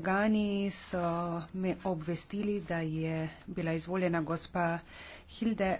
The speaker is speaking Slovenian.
Organi so me obvestili, da je bila izvoljena gospa Hilde